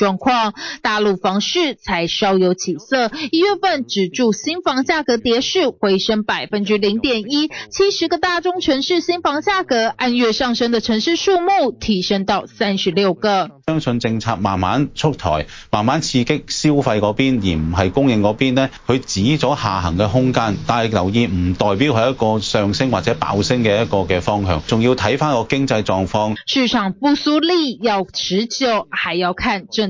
狀況，大陸房市才稍有起色，一月份止住新房價格跌勢，回升百分之零點一，七十個大中城市新房價格按月上升的城市數目提升到三十六個。相信政策慢慢出台，慢慢刺激消費嗰邊，而唔係供應嗰邊呢，佢指咗下行嘅空間，但係留意唔代表係一個上升或者爆升嘅一個嘅方向，仲要睇翻個經濟狀況。市場復蘇力要持久，還要看政。